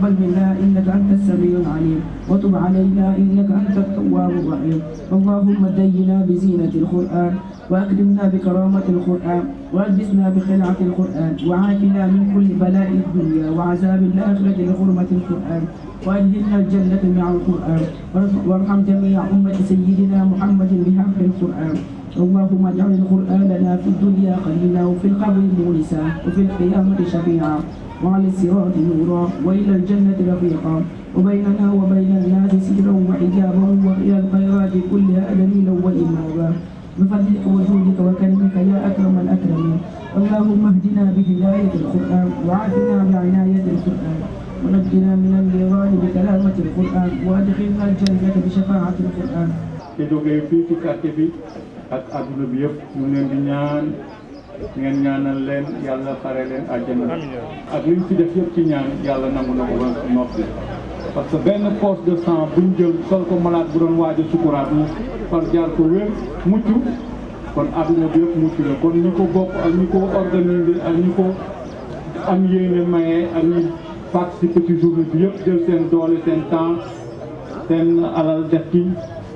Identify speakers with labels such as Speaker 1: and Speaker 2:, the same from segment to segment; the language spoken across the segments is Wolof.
Speaker 1: تقبل منا إنك أنت السميع العليم وتب علينا إنك أنت التواب الرحيم اللهم دينا بزينة القرآن وأكرمنا بكرامة القرآن وألبسنا بخلعة القرآن وعافنا من كل بلاء الدنيا وعذاب الآخرة لغرمه القرآن وأدخلنا الجنة مع القرآن وارحم جميع أمة سيدنا محمد بحق القرآن اللهم اجعل قرآننا في الدنيا خليلا وفي القبر مونسا وفي القيامة شفيعا وعلى الصراط نورا وإلى الجنة رفيقا وبيننا وبين الناس سترا وحجابا وإلى الخيرات كلها دليلا وامامه بفضلك وجودك وكرمك يا أكرم الأكرمين اللهم اهدنا بهداية القرآن وعافنا بعناية القرآن ونجنا من النيران بكلامة القرآن وأدخلنا الجنة بشفاعة القرآن ak adduna bi yëpp ñu ngi leen di ñaan ngeen ñaanal leen yàlla xare leen àjjana ak li si def yëpp ci ñaan yàlla nangu na ko ba noppi parce que benn poche de sang buñ jël sol ko malade bu doon waaj a sukuraat mu far jaar ko wér mucc kon adduna bi yëpp mucc la kon ñi ko bokk ak ñi ko organiser ak ñi ko am yéene maye ak ñi participer ci journée bi yëpp jël seen doole seen temps seen alal def ci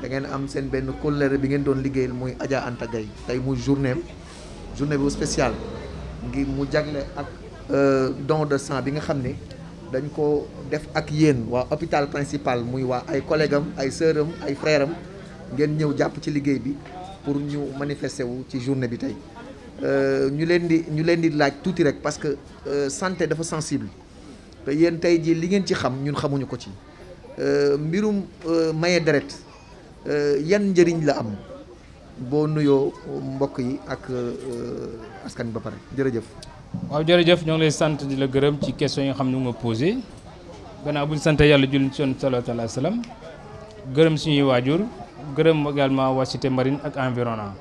Speaker 2: da ngeen am seen benn collègue bi ngeen doon liggéeyal muy Adja Anta Gaye tey muy journée journée bu spéciale ngir mu jagle ak euh, donc de sang bi nga xam ne dañ ko def ak yéen waa hôpital principal muy waa ay collègue ay sœur ay frère ngeen ñëw jàpp ci liggéey bi pour ñu manifester wu ci journée bi tey euh, ñu leen di ñu leen di laaj tuuti rek parce que euh, santé dafa sensible te yéen tey jii li ngeen ci xam ñun xamuñu ko ci mbirum maye deret Euh, yan njëriñ la am bo nuyo mbokk yi ak euh, askan ba pare jërëjëf.
Speaker 3: waaw jërëjëf ñoo ngi lay sant di la gërëm ci question yi nga xam nga mu ma posé gannaaw bu ñu sant yàlla julli ci salaatu alayhi salaam gërëm suñuy waajur gërëm également waa cité marine ak environnement.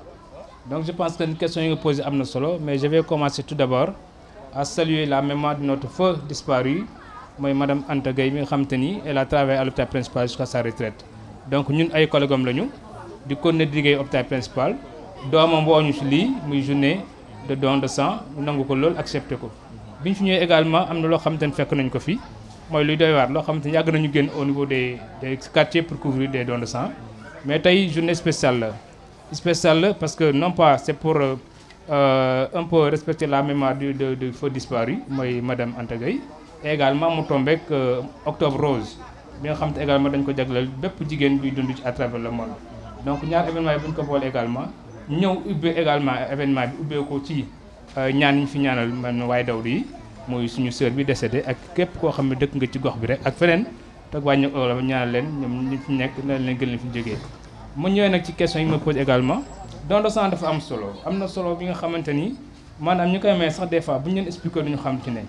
Speaker 3: donc je pense que question yi nga posé am na solo mais je vais commencer tout d'abord à saluer la mémoire de notre feu disparu mooy madame Anta Gueye mi nga xam te ni elle a travaillé à l'hôpital principal jusqu'à sa retraite donc ñun ay collègues, am lañu di connait di hôpital principal nous avons ñu si muy journée de don de sang nangu ko lol accepter. ko. bi également amna lo xam xamante fekk nañ ko fi moy luy doy war lo xam nañu au niveau des des quartiers pour couvrir des dons de sang mais une journée spéciale spéciale parce que non pas c'est pour euh, un peu respecter la mémoire du de du feu disparu moy madame Anta Gueye également mu tombeek euh, octobre rose. bi nga xam te également dañ ko jagleel bépp jigéen bi dund ci à travers le monde donc ñaar événement yi bu ko boole également ñëw ubbee également événement bi ubbee ci euh, ñaan ñu fi ñaanal man waaye daw yi mooy suñu sœur bi décédé ak képp koo xam ne dëkk nga ci gox bi rek ak feneen toog wàññi olof ñaanal leen ñoom ñi fi nekk na leen gën leen fi jógee mu ñëwee nag ci question yi ma pose également don de dafa am solo am na solo bi nga xamante ni maanaam ñu koy may sax des fois bu ñu leen expliqué duñu xam ci ne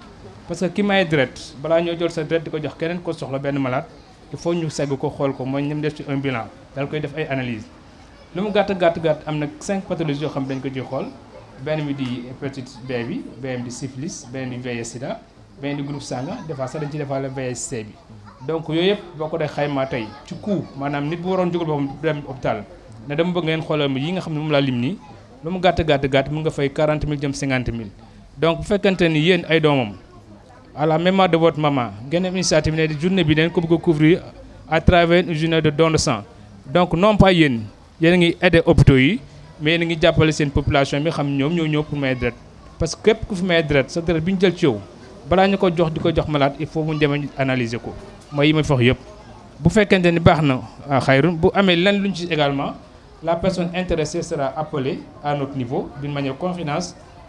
Speaker 3: parce que ki may deret balaa ñoo jël sa deret di ko jox keneen ko soxla benn malade il faut ñu segg ko xool ko mooy ñu def ci un bilan koy def ay analyse lu mu gàtt gàtt gàtt am na cinq pathologies yoo xam dañ ko ci xool benn bi di hépatite B bi benn di syphilis benn di VIH sida benn di groupe sanguin des fois sax dañ ci defaale VIH C bi donc yooyu yëpp boo ko dee xaymaa tey ci coût maanaam nit bu waroon jógal boppam dem hôpital ne dama bëgg ngeen xoolal yi nga xam ne moom lim nii lu gàtt gàtt gàtt mun nga fay 40 000 jëm 50 000 donc bu ni yéen ay doomam à la même mémoire de votre maman ngeen am initiative ne journée bi dañ ko bëgg couvrir à travers une journée de don de sang donc non pas yéen yéen a ngi aider hôpitaux yi mais yéen a ngi jàppale seen population bi xam ñoom ñoo ñëw pour may parce que képp ku fi may deret sa deret bi ñu jël ci yow balaa ñu ko jox di jox malade il faut mu demee analyser ko mooy yi may fox yëpp bu fekkente ni baax na ah, xayrun bu amee lan luñ ci également la personne intéressée sera appelée à notre niveau d'une manière confidence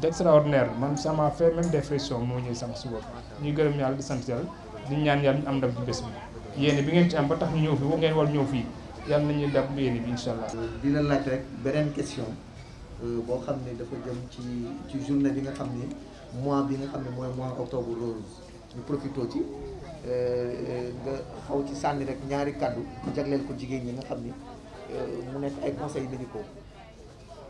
Speaker 3: d'extraordinaire man ça m'a fait même des frissons moo ñëw sama suba ñuy gërëm yàlla di sant yàlla di ñaan yàlla ñu am ndam ci bés bi yéene bi ngeen ci am ba tax ñu ñëw fii wa ngeen war ñëw fii yàlla nañuy dab yéene bi incha allah euh, dina laaj rek beneen question euh,
Speaker 2: boo xam ne dafa jëm ci ci journée
Speaker 3: bi nga xam ne mois bi
Speaker 2: nga xam ne mooy mois octobre rose ñu profitoo ci euh, nga xaw ci sànni rek ñaari kàddu jagleel ko jigéen ñi nga xam ni mu nekk ay conseils médicaux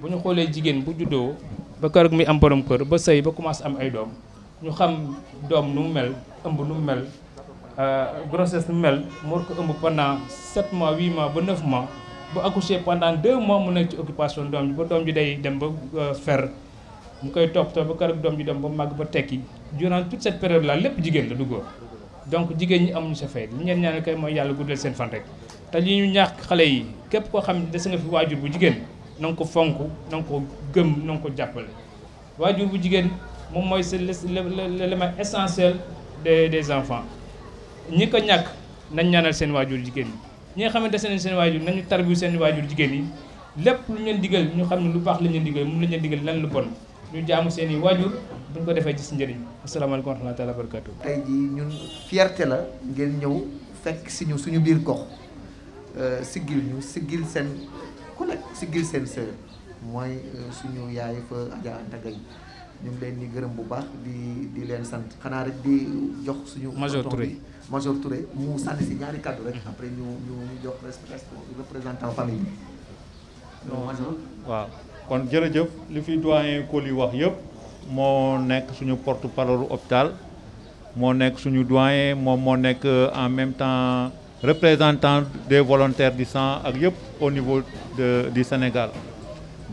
Speaker 3: bu ñu xoolee jigéen bu juddoo ba kër mi am borom kër ba sëy ba commencé am ay doom ñu xam doom nu mu mel ëmb nu mu mel euh, grossesse nu mel mu ko ëmb pendant 7 mois 8 mois ba 9 mois bu accouché pendant 2 mois mu nekk ci occupation doom ji ba doom ji day dem ba euh, fer mu koy toppatoo ba kër doom ji dem ba mag ba tekki durant toute cette période là lépp jigéen la du góor donc jigéen ñi amuñu sa fay li ñeen ñaanal kay mooy yàlla guddal seen fan rek te li ñu ñaax xale yi képp koo xam ne dese nga fi waajur bu jigéen na nga ko fonk na nga ko gëm na nga ko jàppale waajur bu jigéen moom mooy l'élément essentiel des des enfants ñi ko ñak nañ ñaanal seen wajur jigen ñi ñi nga seen wajur nañu tarbiyu seen wajur jigen yi lepp lu ñu leen digal ñu xam lu baax la ñu digal moom la ñu digal lan lu bon ñu jaamu seen wajur buñ ko defee ci si njëriñ asalaamaaleykum wa rahmatulah wa barakatu. tey ñun fierté la
Speaker 2: ngeen ñew fekk si ñu suñu bir gox euh, sigil ñu sigil seen. ku nekk si biir seen sœur mooy euh, suñu yaay fa Adja Anta Gaye ñu leen di gërëm bu baax di di leen sant xanaa rek di jox suñu. major Touré major Touré mu sànni si ñaari kàddu rek. après ñu ñu ñu jox représentant famille
Speaker 1: waaw kon jërëjëf li fi doyen Koli wax yëpp moo nekk suñu porte parole hôpital moo nekk suñu doyen moom moo nekk euh, en même temps. représentant des volontaires du sang ak yépp au niveau de du Sénégal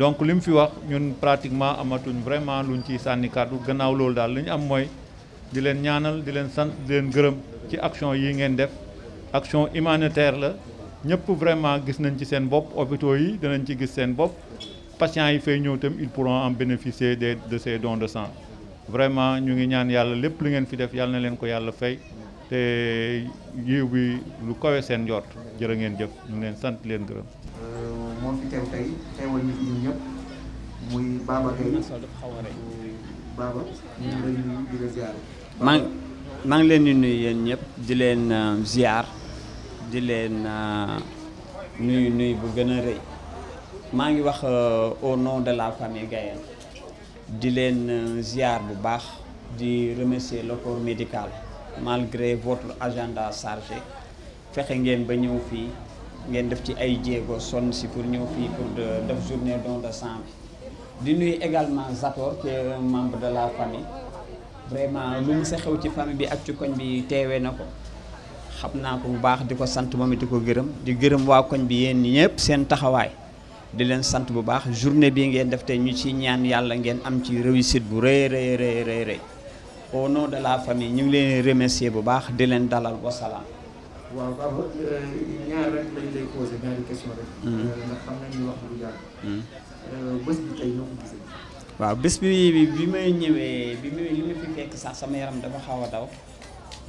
Speaker 1: donc lim fi wax ñun pratiquement amatuñ vraiment luñ ci sànni kàddu gannaaw lool dal li ñu am moy di len ñaanal di len sant di len gërëm ci action yi ngeen def action humanitaire la ñëpp vraiment gis nañ ci seen bopp hôpitaux yi dinañ ci gis seen bopp patients yi fay ñëw tam ils pourront en bénéficier de de ces dons de sang vraiment ñu ngi ñaan yàlla lépp lu ngeen fi def yàlla na leen ko yàlla fay. te yiw bi lu kawe seen jër jërë ngeen jëf ñu leen sant leen gërëm. Euh,
Speaker 4: moom fi teew ngi maa ngi leen di nuyu yéen ñëpp di leen euh, ziar di leen euh, nuyu nuyu bu gën a rëy maa ngi wax au nom de la famille Gaye di leen ziar bu baax di remercier le médical. malgré votre agenda chargé fexe ngeen ba ñëw fii ngeen def ci ay jéego sonn si pour ñëw fii pour de def journée don de sang di nuyu également Zator qui est un membre de la famille vraiment lu mu sa xew ci famille bi ak ci koñ bi teewee na ko bu baax diko ko sant moom it gërëm di gërëm wa koñ bi yéen ñëpp seen taxaway di leen sant bu baax journée bi ngeen def te ñu ci ñaan yalla ngeen am ci réussite bu rëy rëy rëy rëy au nom de la famille ñu ngi leen remercier bu baax di leen dalal wa salaam.
Speaker 2: waaw Pape euh, ñaar hmm. euh, hmm.
Speaker 4: euh, bi tey bi may ñëwee bi may li ma fi fekk sax sama yaram dafa xaw a daw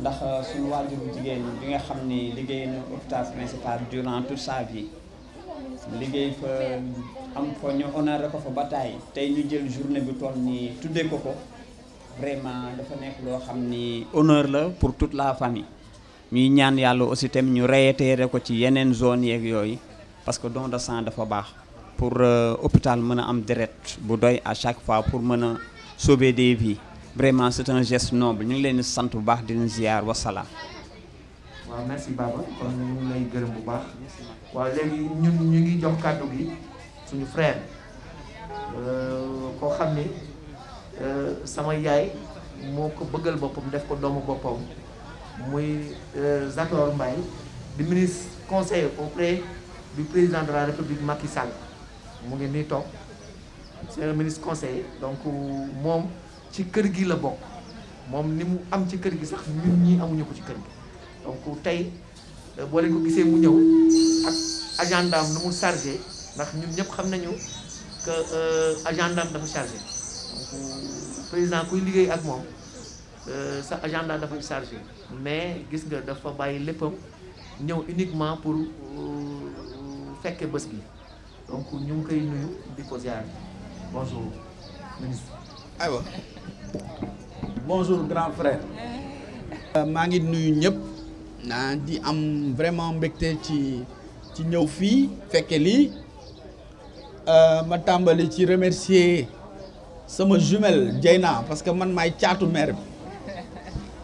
Speaker 4: ndax suñu waajur bu jigéen bi nga xam ni liggéey na hôpital principal durant toute sa vie liggéey fa am fa ñu honoré ko fa bataay tey ñu jël journée bi toll nii tuddee ko ko. vraiment dafa nekk loo xam ni honneur la pour tout la famille ñuy ñaan yàlla aussi tamit ñu reyeteere ko ci yeneen zone yeeg yooyu parce que don de sang dafa baax pour euh, hôpital mën a am deret bu doy à chaque fois pour mën a sobe des vie vraiment c'est un geste noble ñu ngi leen sant bu baax di leen ziar wasalaam.
Speaker 2: waaw merci Baba kon ñu lay gërëm bu baax waaw léegi ñun ñu ngi jox kàddu gi suñu frère euh, koo xam ni. Eh, sama yaay moo ko bëggal boppam def ko doomu mui muy orang bayi, di ministre konsel auprès di presiden de la République Macky Sall mu ngi nii toog c' un ministre conseil donc moom ni mu am ci kër gi sax ñun ñii amuñu ko ci kër gi donc tey eh, boo leen ko gisee mu ñëw ak agendam nu mu chargé ndax ñun ñëpp xam nañu que eh, agendam dafa président kuy liggéey ak moom euh, sa agenda dafa chargé mais gis nga dafa bàyyi léppam ñëw uniquement pour euh, fekke bés bi
Speaker 1: donc ñu ngi koy nuyu di ko ziar bonjour ministre. aywa bonjour grand frère. Euh, maa ngi nuyu ñëpp naa di am vraiment mbégte ci ci ñëw fii fekke lii ma tàmbali ci remercier sama jumelle Dieyna parce que man may tiatu maire bi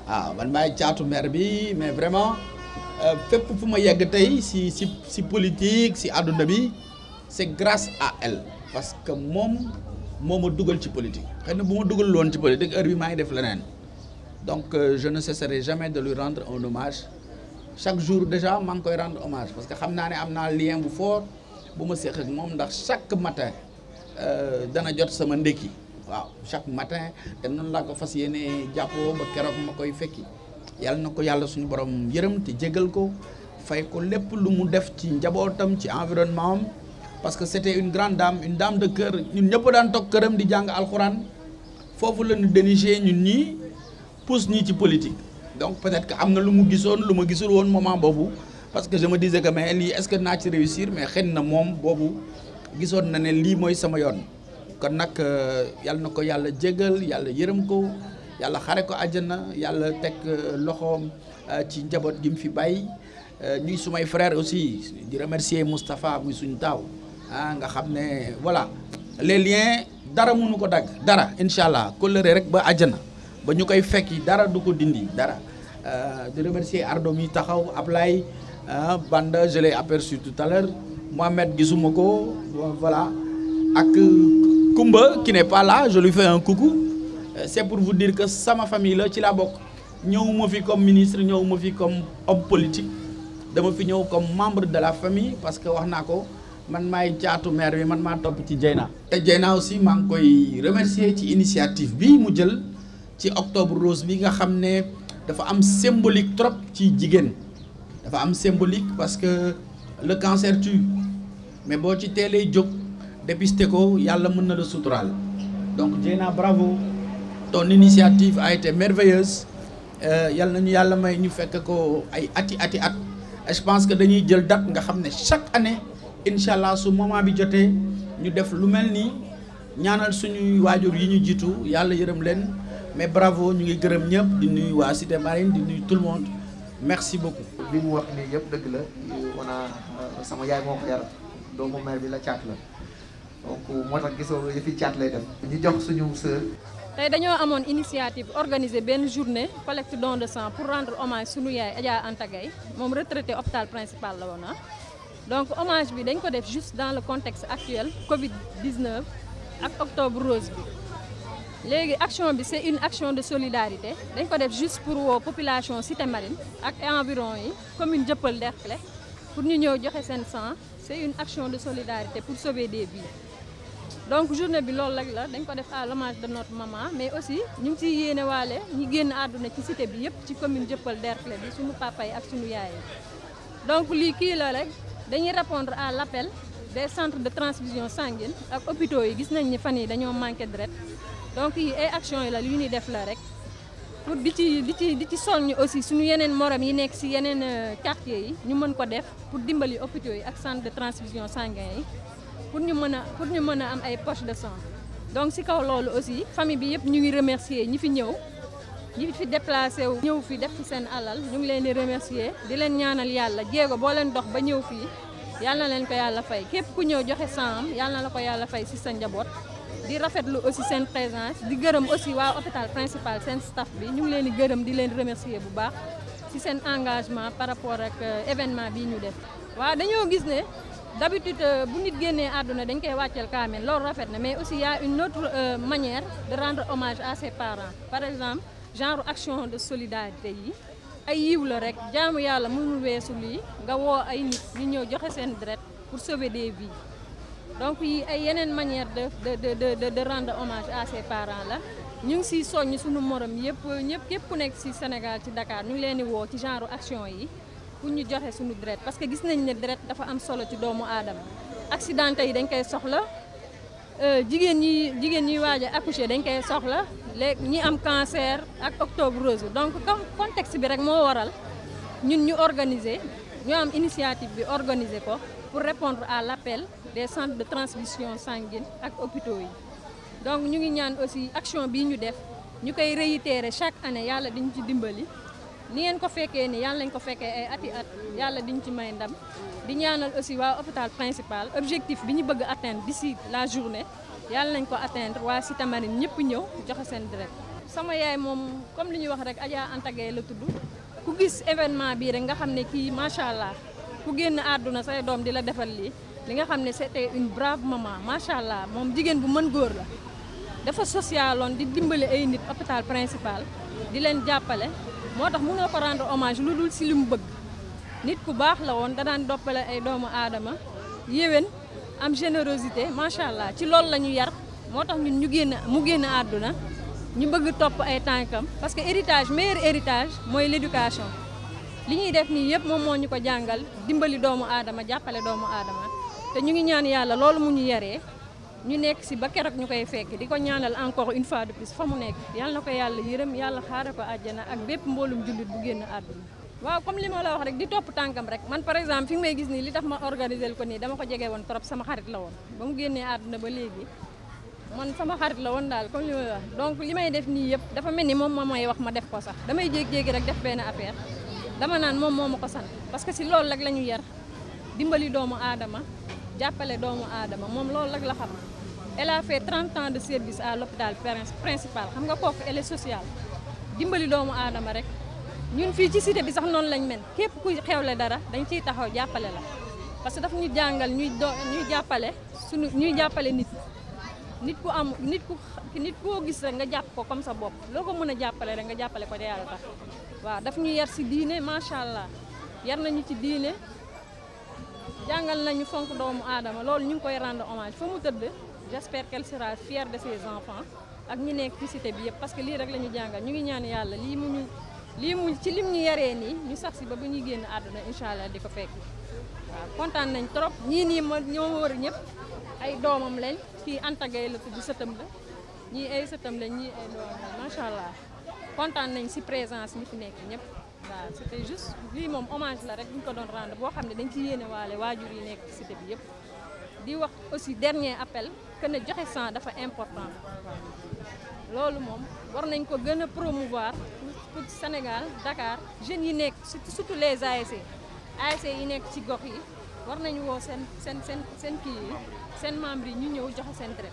Speaker 1: Ah, man may tiatu maire bi mais vraiment euh, fépp fu ma yegg tay si si si politique si aduna bi c'est grâce à elle parce que mom moma dougal ci politique xena buma dougal ma ci politique heure bi may def lenen donc euh, je ne cesserai jamais de lui rendre un hommage chaque jour déjà maa koy rendre hommage parce que xamna naa amna lien bu fort buma ma ak mom ndax chaque matin euh, dana jot sama ndékki waaw chaque matin te noonu laa ko fas yéene ba keroog makoy koy fekki yàlla na ko suñu borom yeureum te djegal ko fay ko lepp lu mu def ci njabootam ci environnement parce que c'était une grande dame une dame de cœur ñun ñëpp daan tok kërëm di jang alcorane fofu la ñu déniché ñun ñii pousse ñii ci politique donc peut-être que amna lu mu gissone lu ma gisul woon moment bobu parce que je me disais que mais lii est-ce que na ci réussir mais xëy mom bobu gissone na né li moy sama yone kon nag euh, yàlla na ko yàlla jégal yàlla yërëm ko yàlla xare ko àjjana yàlla teg euh, loxoom euh, ci njaboot gi mu fi bàyyi ñuy sumay frère aussi di remercier Moustapha muy suñu taaw ah nga xam ne voilà les lien dara mënu ko dagg dara incha allah kóllëre rek ba àjjana ba ñu koy fekki dara du ko dindi dara di remercier Ardo mi taxaw Ablaye ah, Banda je l'ai aperçu tout à l'heure gisuma ko voilà ak Kumba qui n'est pas là je lui fais un coucou euh, c'est pour vous dire que ma famille la ci laa bokk ñëwuma fi comme ministre nous fi comme homme politique dama fi ñëw comme membre de la famille parce que on naa ko man maay caatu maire bi man suis topp ci Dieyna te Dieyna aussi je ngi koy remercier ci initiative bi mu jël octobre rose bi nga de ne dafa symbolique trop ci jigéen dafa am symbolique parce que le cancer tue mais tu ci les jóg dépister ko yàlla mën na le suturaal donc Dieyna bravo ton initiative a été merveilleuse euh yalla nañu yalla may ñu fekk ko ay ati ati at je pense que dañuy jël date nga xamné chaque année inshallah su moment bi jotee ñu def lu melni ñaanal suñu wajur yi ñu jitu yalla yërëm leen mais bravo ñu ngi gërëm ñëpp di nuyu wa Cité Marine di nuyu tout le monde merci beaucoup. li mu wax ni yëpp dëgg la on a sama yaay moko ko do mo mère
Speaker 2: bi la caat la donc euh, moo tax initiative, fi une lay def ñu jox suñu
Speaker 5: sœur. initiative organiser journée collecte don de sang pour rendre hommage suñu yaay Adja Anta Gaye retraité hôpital principal la ah. donc hommage bi dañ juste dans le contexte actuel Covid 19 ak octobre rose bi c'est une action de solidarité dañ ko juste pour la population cité marine ak environ yi commune dieuppeul pour ñu c'est une action de solidarité pour sauver des vies donc journée bi loolu rek la dañ ko def à l'hommage de notre maman mais aussi ñu ci yéné walé waale ñi génn aduna ci cité bi yépp ci commune Dieuppeul Derklé bi suñu papa ay ak suñu yaay donc li ki la rek dañuy répondre à l'appel des centres de transfusion sanguine ak hôpitaux yi gis nañ ni fan yi dañoo manqué deret donc yi ay action yi la lu ñuy def la rek pour di ci di ci di ci soññ aussi suñu yeneen morom yi nekk si yeneen euh, quartier yi ñu mën ko def pour dimbali hôpitaux yi ak centre de transfusion sanguine yi pour ñu mën a pour ñu mën a am ay poche de sang donc si kaw loolu aussi famille bi yëpp ñu ngi remercier ñi fi ñëw ñi fi déplacer, wu ñëw fi def fi seen alal ñu ngi leen remercier di leen ñaanal yàlla jéego boo leen dox ba ñëw fii yàlla na leen ko yàlla fay képp ku ñëw joxe sang yàlla na la ko fay si sa njaboot di rafetlu aussi seen présence di gërëm aussi wa hôpital principal seen staff bi ñu ngi leen di gërëm di leen remercier bu baax si seen engagement par rapport ak euh, événement bii ñu def waaw dañoo gis ne d'habitude euh, bu mais aussi y a une autre euh, manière de rendre hommage à ses parents par exemple genre action de solidarité Il y a pour sauver des vies donc y manière de rendre hommage à ses parents nous ñu ngi sur Dakar ñu genre action pour ñu joxe suñu deret parce que gis nañ ne deret dafa am solo ci doomu Adam. accidenté yi dañ koy soxla euh, jigéen ñi jigéen ñi waaj a accoucher dañ koy soxla léegi ñi am cancer ak octobre rose donc comme contexte bi rek moo waral ñun ñu organiser ñu am initiative bi organiser ko pour répondre à l'appel des centres de transfusion sanguine ak hôpitaux yi donc ñu ngi ñaan aussi action bii ñu def ñu réitérer chaque année yàlla diñu ci dimbali nien ko fekke ni yalla lañ ko fekke ay e ati at yalla diñ ci may ndam di ñaanal aussi wa hôpital principal objectif biñu bëgg atteindre d'ici la journée yalla lañ ko atteindre wa sitamarine ñepp ñew joxe sen direct sama yaay mom comme liñu wax rek aja antagay la tuddu ku gis événement bi rek nga xamné ki ma sha Allah ku genn aduna say dom di la defal li li nga xamné c'était une brave maman ma mom jigen bu mën goor la dafa socialone di dimbali ay nit hôpital principal di len jappalé moo tax mënoo ko rendre hommage lu dul si li mu bëgg nit ku baax la woon da daan doppale ay doomu aadama yéwén am générosité macha allah ci loolu la ñu yar moo tax ñun ñu génn mu génn àdduna ñu bëgg topp ay tànkam parce que héritage meilleur héritage mooy l'éducation li ñuy def nii yëpp moom moo ñu ko jàngal dimbali doomu aadama jàppale doomu aadama te ñu ngi ñaan yàlla loolu mu ñu yaree ñu nekk si ba keroog ñu koy fekk di ko ñaanal encore une fois de plus fa mu nekk yàlla na ko yàlla yërëm yàlla xaara ko àjjana ak bépp mbooloom jullit bu génn àdduna. waaw comme li la wax rek di top tànkam rek man par exemple fi may gis nii li tax ma organisé ko ni. dama ko jege won, trop sama xarit la woon ba mu génnee àdduna ba léegi man sama xarit la woon daal comme li ma wax donc li def nii yëpp dafa mel ni moom ma may wax ma def ko sax damay jéeg-jéegi rek def benn affaire dama nan moom moo ma ko sant parce que si loolu rek la yar dimbali doomu aadama jàppale doomu aadama moom loolu rek la xam elle a fait 30 ans de service à l'hôpital principal xam nga kooku elle est sociale dimbali doomu aadama rek ñun fii ci cité bi sax noonu lañ mel képp kuy xewle dara dañ ciy taxaw jàppale la parce que daf ñu jàngal ñuy do ñuy jàppale suñu ñuy jàppale nit nit ku am nit ku nit koo gis rek nga jàpp ko comme sa bopp loo ko mën a jàppale rek nga jàppale ko de a tax waaw daf ñu yar si diine macha allah yar nañu ci diine jàngal nañu fonk doomu aadama loolu ñu ngi koy rendre hommage fa mu tëdd j'espère qu'elle sera fière de ses enfants ak ñi nekk ci cité bi yëpp parce que lii rek la ñu jàngal ñu ngi ñaan yàlla lii mu ñu lii mu ci lim ñu yaree nii ñu sax si ba bu ñuy génn àdduna incha allah di ko fekk waaw kontaan nañ trop ñii nii ma ñoo wër ñëpp ay doomam lañ kii antagay la tudd sëtam la ñii ay sëtam lañ ñii ay doomam lañ macha allah kontaan nañ si présence ñi fi nekk ñëpp c'était juste lii moom hommage là rek bu ko don rendre bo xamné dañ ci yéné walé wajur yi nek ci cité bi yépp di wax aussi dernier appel que ne joxe sang dafa important loolu mom war nañ ko gëna promouvoir pour Sénégal Dakar jeune yi nekk surtout les ASC ASC yi nek ci gox yi war nañ wo sen sen sen sen ki sen seen membres yi ñu ñëw joxe sen deret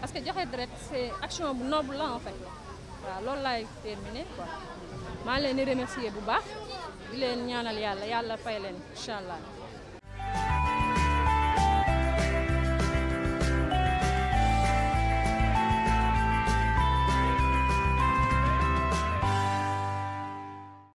Speaker 5: parce que joxe deret c'est action noble là en fait waaw loolu lay terminer quoi maa leen di remercier bu baax di leen ñaanal yàlla yàlla fay leen incha allah.